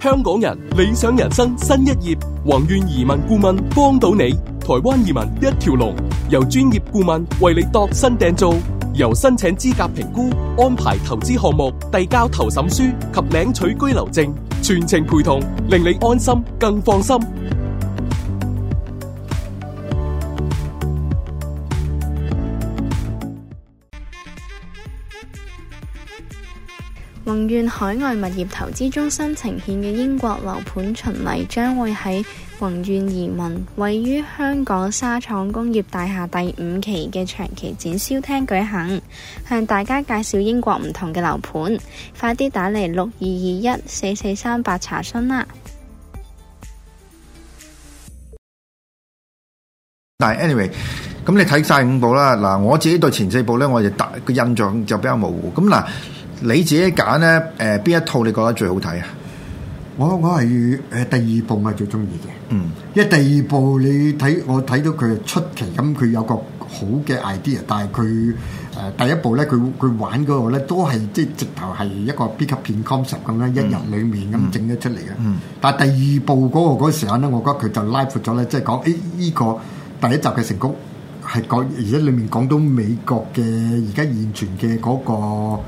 香港人理想人生新一頁，宏願移民顧問幫到你，台灣移民一條龍，由專業顧問為你度身訂造，由申請資格評估、安排投資項目、遞交投審書及領取居留證，全程陪同，令你安心更放心。宏願海外物業投資中心呈現嘅英國樓盤巡禮將會喺宏願移民位於香港沙廠工業大廈第五期嘅長期展銷廳舉行，向大家介紹英國唔同嘅樓盤。快啲打嚟六二二一四四三八查詢啦！嗱，anyway，咁你睇晒五部啦，嗱，我自己對前四部呢，我就大個印象就比較模糊，咁嗱。你自己揀咧，誒、呃、邊一套你覺得最好睇啊？我我係誒第二部咪最中意嘅，嗯，因為第二部你睇我睇到佢係出奇咁，佢有個好嘅 idea，但係佢誒第一部咧，佢佢玩嗰個咧都係即係直頭係一個 B 級片 concept 咁咧，一日裡面咁整咗出嚟嘅、嗯。嗯，但係第二部嗰個嗰時刻咧，我覺得佢就拉闊咗咧，即、就、係、是、講誒依、欸這個第一集嘅成功係講而且裡面講到美國嘅而家現存嘅嗰個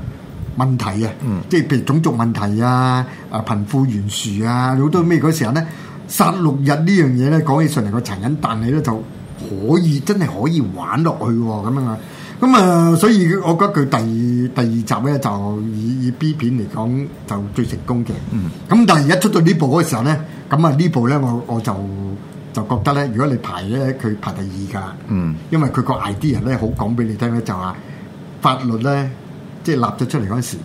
問題啊，即係譬如種族問題啊，啊貧富懸殊啊，好多咩嗰時候咧，殺戮日呢樣嘢咧，講起上嚟個殘忍，但係咧就可以真係可以玩落去喎咁樣啊，咁啊，所以我覺得佢第第二集咧就以以 B 片嚟講就最成功嘅。咁、嗯、但係而家出到呢部嗰時候咧，咁啊呢部咧我我就就覺得咧，如果你排咧佢排第二㗎，嗯、因為佢個 idea 咧好講俾你聽咧，就話、是、法律咧。即係立咗出嚟嗰陣時，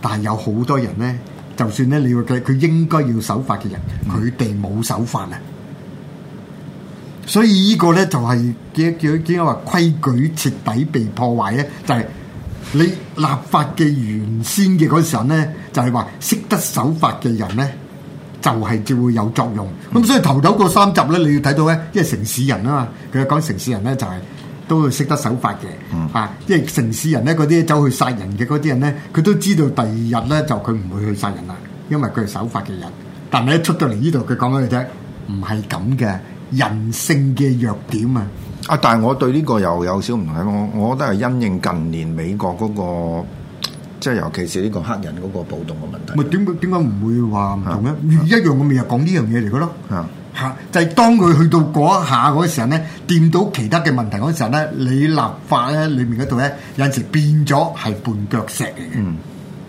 但係有好多人咧，就算咧你要佢佢應該要守法嘅人，佢哋冇守法啊。所以個呢個咧就係叫叫點解話規矩徹底被破壞咧？就係、是、你立法嘅原先嘅嗰陣咧，就係話識得守法嘅人咧，就係、是、就會有作用。咁、嗯、所以頭頭嗰三集咧，你要睇到咧，即係城市人啊嘛，佢講城市人咧就係、是。都識得守法嘅嚇，即係、嗯啊、城市人咧，嗰啲走去殺人嘅嗰啲人咧，佢都知道第二日咧就佢唔會去殺人啦，因為佢係守法嘅人。但係一出到嚟呢度，佢講俾你聽，唔係咁嘅人性嘅弱點啊！啊，但係我對呢個又有少唔同，我我覺得係因應近年美國嗰、那個，即、就、係、是、尤其是呢個黑人嗰個暴動嘅問題。唔係點解唔會話唔同咧？啊啊、一樣我咪又講呢樣嘢嚟嘅咯嚇。啊嚇！就係當佢去到嗰一下嗰時候咧，掂到其他嘅問題嗰時候咧，你立法咧裏面嗰度咧，有陣時變咗係絆腳石嚟嘅。嗯，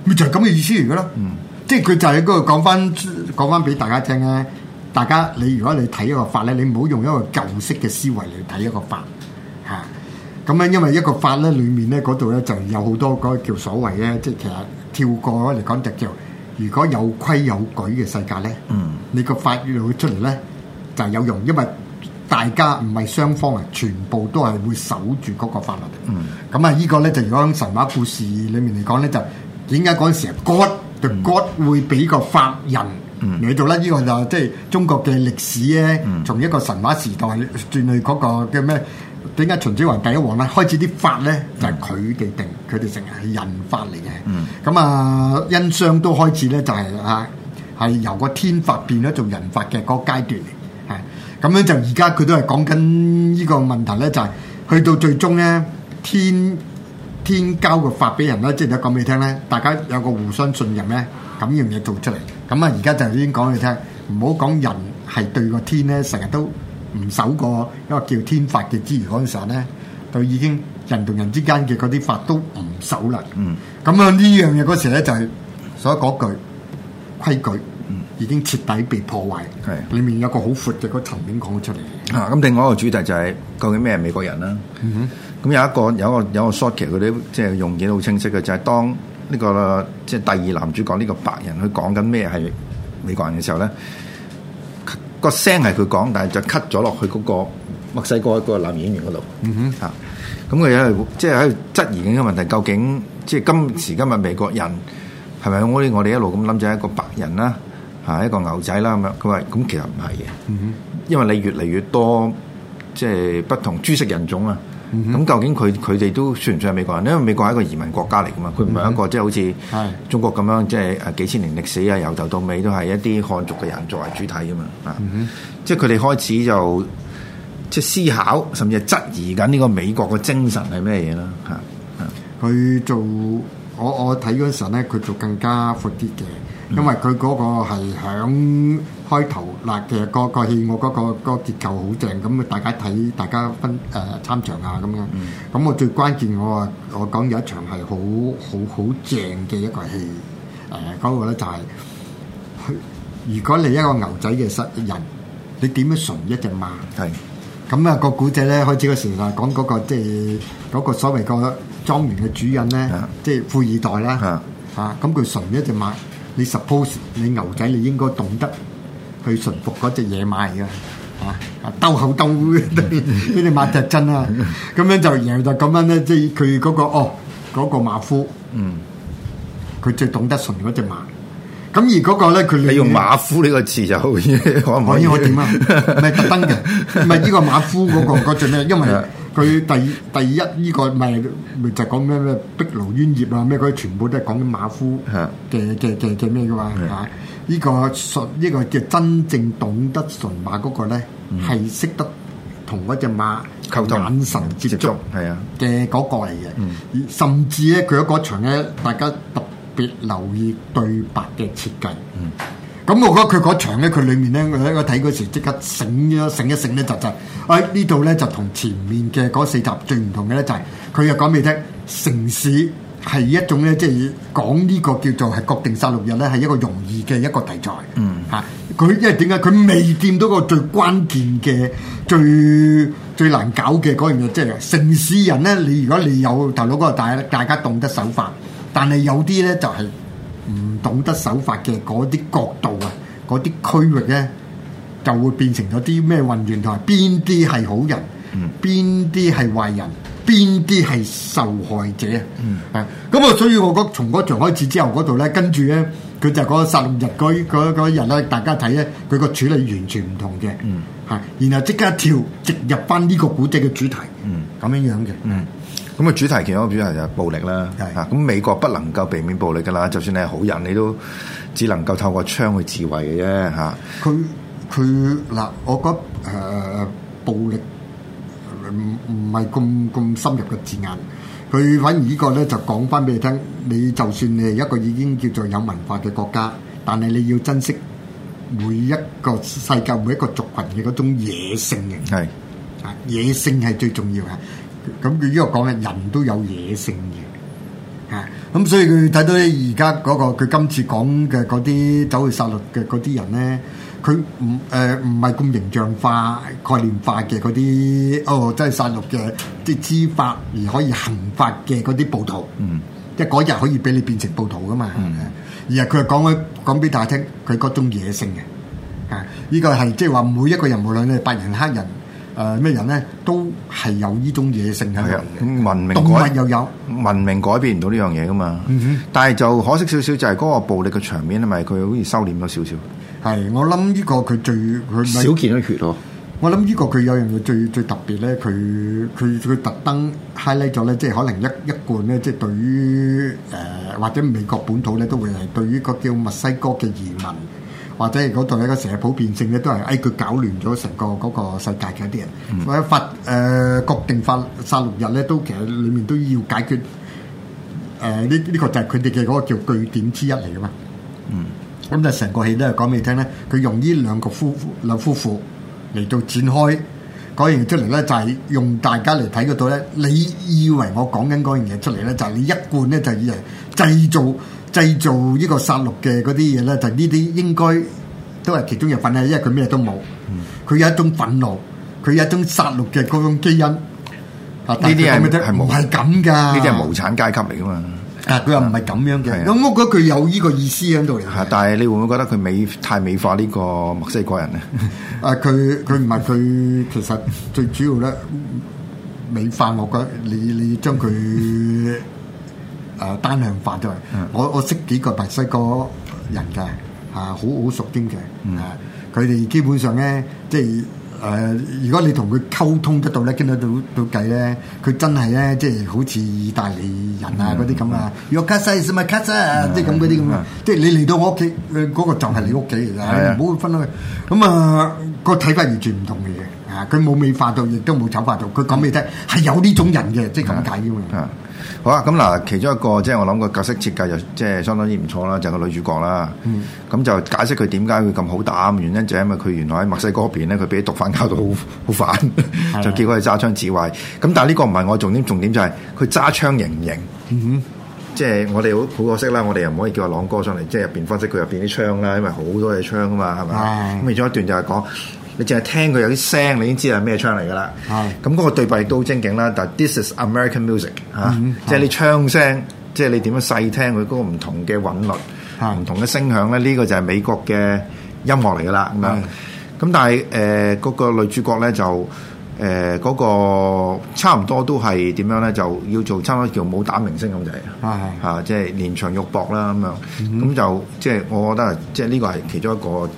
咪就係咁嘅意思嚟嘅咯。嗯，即係佢就喺嗰度講翻講翻俾大家聽咧、啊。大家你如果你睇一個法咧，你唔好用一個舊式嘅思維嚟睇一個法嚇。咁、啊、咧，因為一個法咧，裡面咧嗰度咧就有好多嗰叫所謂咧，即係其實跳過嚟講就叫，如果有規有矩嘅世界咧。嗯，你個法越嚟越出嚟咧。就係有用，因為大家唔係雙方啊，全部都係會守住嗰個法律。嗯，咁啊，依個咧就如果喺神話故事裏面嚟講咧，就點解嗰陣時啊，God 就 God 會俾個法人嚟到咧？呢、嗯、個就即、是、係、就是、中國嘅歷史咧，嗯、從一個神話時代轉去嗰、那個嘅咩？點解秦始皇第一王咧開始啲法咧就係佢哋定，佢哋、嗯、成係人法嚟嘅。嗯，咁啊，殷商都開始咧就係、是、啊，係由個天法變咗做人法嘅嗰個階段。咁樣就而家佢都係講緊呢個問題咧，就係、是、去到最終咧，天天交個法俾人咧，即係講俾你聽咧，大家有個互相信任咧，咁樣嘢做出嚟。咁啊，而家就已經講你聽，唔好講人係對個天咧，成日都唔守個一個叫天法嘅之餘嗰陣時候咧，就已經人同人之間嘅嗰啲法都唔守啦。嗯。咁啊，呢樣嘢嗰時咧就係所謂嗰句規矩，已經徹底被破壞，係裏面有一個好闊嘅嗰層面講出嚟嚇。咁另外一個主題就係究竟咩係美國人啦。咁有一個有一個有個 shot，其實佢哋即係用意都好清晰嘅，就係當呢個即係第二男主講呢個白人去講緊咩係美國人嘅時候咧，個聲係佢講，但係就 cut 咗落去嗰個墨西哥嗰個男演員嗰度。嗯哼嚇，咁佢喺度即係喺度質疑緊一個問題，究竟即係今時今日美國人係咪我我哋一路咁諗就係一個白人啦？係一個牛仔啦咁樣，佢話：咁其實唔係嘅，因為你越嚟越多即係不同膚色人種啊。咁、嗯、哼究竟佢佢哋都算唔算係美國人？因為美國係一個移民國家嚟噶嘛，佢唔係一個、嗯、哼即係好似中國咁樣即係幾千年歷史啊，由頭到尾都係一啲漢族嘅人作為主體噶嘛。啊、嗯，即係佢哋開始就即係思考，甚至係質疑緊呢個美國嘅精神係咩嘢啦？嚇、嗯！佢做我我睇嗰陣時咧，佢做更加闊啲嘅。因為佢嗰個係響開頭嗱，其實個戲我、那個戲我嗰個嗰個結構好正，咁大家睇，大家分誒參詳下。咁樣。咁、嗯、我最關鍵我我講有一場係好好好正嘅一個戲，誒、呃、嗰、那個咧就係、是，如果你一個牛仔嘅失人，你點樣馴一隻馬？係咁啊，個古仔咧開始嗰時啊、那個，講嗰個即係嗰個所謂個莊園嘅主人咧，的即係富二代啦嚇，咁佢馴一隻馬。你 suppose 你牛仔你應該懂得去馴服嗰隻野馬嘅，啊兜口兜，呢隻馬就真啦，咁樣就然後就咁樣呢。即係佢嗰個哦嗰、嗰個馬夫，嗯，佢最懂得馴嗰隻馬。咁而嗰個咧，佢你用馬夫呢個詞就好，可唔 可以？我點啊？唔係特登嘅，唔係呢個馬夫嗰、嗰個嗰隻咩？因為。 佢第第一呢，這個咪咪就講咩咩碧廬冤孽啊咩，佢全部都係講緊馬夫嘅嘅嘅嘅咩嘅嘛嚇？依個純依，這個叫真正純馬、那個嗯、懂得馴馬嗰個咧係識得同嗰隻馬眼神接觸嘅嗰個嚟嘅，而、嗯啊、甚至咧佢嗰場咧大家特別留意對白嘅設計。嗯咁我覺得佢嗰場咧，佢裏面咧，我睇嗰時即刻醒咗，醒一醒咧就就是，哎呢度咧就同前面嘅嗰四集最唔同嘅咧就係佢又講俾你聽，城市係一種咧，即係講呢個叫做係國定殺戮日咧，係一個容易嘅一個題材。嗯、啊，嚇佢因為點解佢未見到個最關鍵嘅最最難搞嘅嗰樣嘢，即係城市人咧，你如果你有頭腦嗰個大，大家動得手法，但係有啲咧就係。唔懂得手法嘅嗰啲角度啊，嗰啲區域咧，就會變成咗啲咩運轉同埋邊啲係好人，邊啲係壞人，邊啲係受害者啊？咁啊、嗯，所以我覺得從嗰場開始之後嗰度咧，跟住咧，佢就嗰殺戮日嗰嗰嗰日咧，大家睇咧，佢個處理完全唔同嘅嚇、嗯，然後即刻一跳直入翻呢個古跡嘅主題，咁、嗯、樣樣嘅。嗯咁啊，主題其中一個主題就係暴力啦。嚇，咁美國不能夠避免暴力噶啦，就算你係好人，你都只能夠透過槍去自衞嘅啫。嚇，佢佢嗱，我覺得誒暴力唔唔係咁咁深入嘅字眼。佢反而呢個咧就講翻俾你聽，你就算你係一個已經叫做有文化嘅國家，但係你要珍惜每一個世界每一個族群嘅嗰種野性嘅。係啊，野性係最重要嘅。咁佢呢個講嘅人都有野性嘅，啊咁所以佢睇到而家嗰個佢今次講嘅嗰啲走去殺戮嘅嗰啲人咧，佢唔誒唔係咁形象化概念化嘅嗰啲哦，真係殺戮嘅即係知法而可以行法嘅嗰啲暴徒，嗯，即係嗰日可以俾你變成暴徒噶嘛，嗯，而係佢係講開講俾大家聽，佢嗰種野性嘅，啊，呢個係即係話每一個人無論你係白人黑人。誒咩，呃、人咧，都係有呢種野性喺度嘅。文明改動物又有文明改變唔到呢樣嘢噶嘛。嗯、哼但係就可惜少少就係嗰個暴力嘅場面，係咪佢好似收斂咗少少？係，我諗呢個佢最佢少見一血咯，哦。我諗呢個佢有樣嘢最最特別咧，佢佢佢特登 highlight 咗咧，即係可能一一貫咧，即係對於誒、呃、或者美國本土咧都會係對於個叫墨西哥嘅移民。或者嗰度咧，個社會普遍性咧都係誒佢搞亂咗成個嗰世界嘅一啲人，或者法誒確定法殺戮日咧，都其實裡面都要解決誒呢呢個就係佢哋嘅嗰個叫據點之一嚟噶嘛。嗯，咁就成個戲咧講俾你聽咧，佢用呢兩個夫老夫婦嚟到展開講完出嚟咧，就係、是、用大家嚟睇嗰度咧。你以為我講緊嗰樣嘢出嚟咧，就係、是、一貫咧就是、以為製造。製造呢個殺戮嘅嗰啲嘢咧，就呢、是、啲應該都係其中一份啦，因為佢咩都冇，佢有一種憤怒，佢有一種殺戮嘅嗰種基因。啊，呢啲係咪係冇係咁噶，呢啲係無產階級嚟噶嘛？啊，佢又唔係咁樣嘅。咁、啊、我覺得佢有呢個意思喺度嘅。但係你會唔會覺得佢美太美化個呢個墨西哥人咧？ 啊，佢佢唔係佢，其實最主要咧 美化我覺得你你，你將佢。 誒、uh, 單向化咗、就是，我我識幾個墨西哥人嘅，啊，好好熟啲嘅，啊，佢哋基本上咧，即係誒、呃，如果你同佢溝通得到咧，傾得到到偈咧，佢真係咧，即係好似意大利人啊嗰啲咁啊，若卡西是咪卡西啊，即係咁嗰啲咁，即係你嚟到我屋企，誒嗰個就係你屋企嚟嘅，唔好分開。咁、嗯嗯、啊，個睇法完全唔同嘅嘢，啊，佢冇美化到，亦都冇醜化到，佢講俾你聽，係有呢種人嘅，即係咁解嘅好啦，咁嗱，其中一個即係我諗個角色設計就即係相當之唔錯啦，就個、係、女主角啦。咁、嗯、就解釋佢點解會咁好打，原因就係因為佢原來喺墨西哥嗰邊咧，佢俾毒犯搞到好好煩，的 就叫佢係揸槍自衞。咁的但係呢個唔係我重點，重點就係佢揸槍型唔型？即係、嗯、哼我哋好好可惜啦，我哋又唔可以叫阿朗哥上嚟，即係入邊分析佢入邊啲槍啦，因為好多嘢槍啊嘛，係咪？咁其中一段就係講。你淨係聽佢有啲聲，你已經知係咩槍嚟㗎喇。咁嗰的個對白亦都好精勁啦。但係 This is American music，嚇、啊，即係、嗯、你槍聲，即、就、係、是、你點樣細聽佢嗰、那個唔同嘅韻律、唔的同嘅聲響咧，呢、這個就係美國嘅音樂嚟㗎喇。咁樣咁但係誒嗰個女主角咧就誒嗰、呃那個差唔多都係點樣咧？就要做差唔多叫武打明星咁的的、啊、就係嚇，即係連場肉搏啦咁、啊、樣。咁、嗯、就即係、就是、我覺得即係呢個係其中一個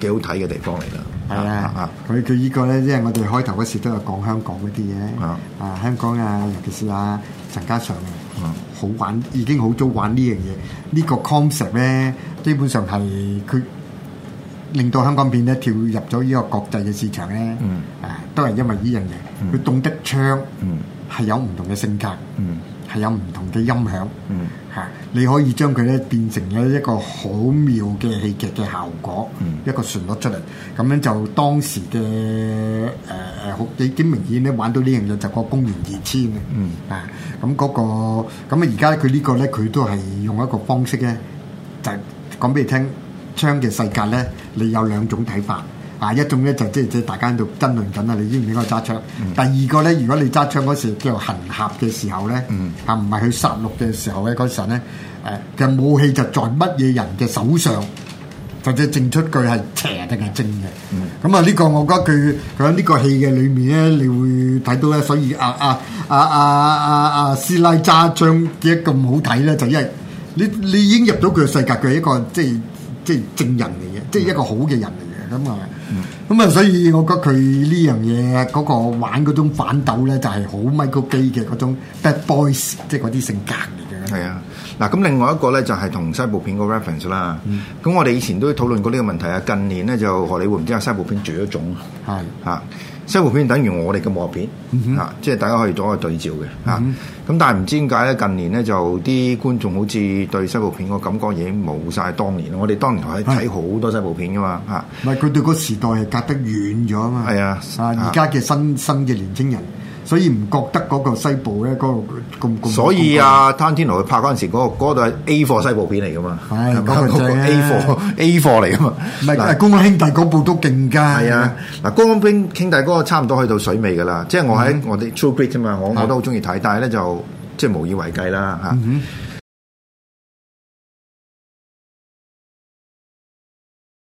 幾好睇嘅地方嚟啦。係啊，佢佢依個咧，即係我哋開頭嗰時都有講香港嗰啲嘢，的啊香港啊，尤其是阿、啊、陳嘉上、啊，嗯、好玩已經好早玩、這個、呢樣嘢，呢個 concept 咧，基本上係佢令到香港片咧跳入咗呢個國際嘅市場咧，嗯，啊都係因為呢樣嘢，佢懂得槍，嗯，係有唔同嘅性格，嗯。係有唔同嘅音響，嚇、嗯、你可以將佢咧變成咗一個好妙嘅戲劇嘅效果，嗯、一個旋律出嚟，咁樣就當時嘅誒誒好已經明顯咧玩到呢樣嘢就個公元二千。嘅、嗯，啊咁嗰、嗰個咁啊，而家佢呢個咧佢都係用一個方式咧就講、係、俾你聽槍嘅世界咧你有兩種睇法。啊，一種咧就即係即係大家喺度爭論緊啦，你應唔應該揸槍？嗯、第二個咧，如果你揸槍嗰時叫行俠嘅時候咧，而唔係去殺戮嘅時候咧，嗰陣咧誒嘅武器就在乜嘢人嘅手上，就即係證出佢係邪定係正嘅。咁啊、嗯，呢個我覺得佢喺呢個戲嘅裏面咧，你會睇到咧。所以阿阿阿阿阿阿師奶揸槍嘅咁好睇咧，就因為你你已經入到佢嘅世界，佢係一個即係即係正人嚟嘅，即係、嗯、一個好嘅人嚟嘅咁啊。咁啊、嗯，所以我覺得佢呢樣嘢，嗰、那個玩嗰種反斗咧，就係、是、好 Michael Bay 嘅嗰種 Bad Boys，即係嗰啲性格嚟嘅。係啊，嗱，咁另外一個咧就係、是、同西部片個 reference 啦。咁、嗯、我哋以前都討論過呢個問題啊。近年咧就荷里活唔知有西部片住咗種，係的啊。西部片等於我哋嘅武俠片啊，即係、嗯、哼大家可以做一個對照嘅啊。咁、嗯、哼但係唔知點解咧，近年咧就啲觀眾好似對西部片嗰個感覺已經冇晒當年。我哋當年係睇好多西部片噶嘛的啊。唔係佢對嗰時代係隔得遠咗啊嘛。係的啊，而家嘅新新嘅年輕人。所以唔覺得嗰個西部咧，嗰、那個咁咁。所以阿湯天豪去拍嗰陣時，嗰、那個係、那個那個那個、A 貨西部片嚟噶嘛？係冇錯啊！A 貨 A 貨嚟噶嘛？唔係是來公安兄弟嗰部都勁㗎。係啊，嗱、啊，公安兵兄弟嗰個差唔多去到水尾㗎啦。即係我喺、嗯、我哋 True Grit 啫嘛，我我都好中意睇，但係咧就即係無以為繼啦嚇。嗯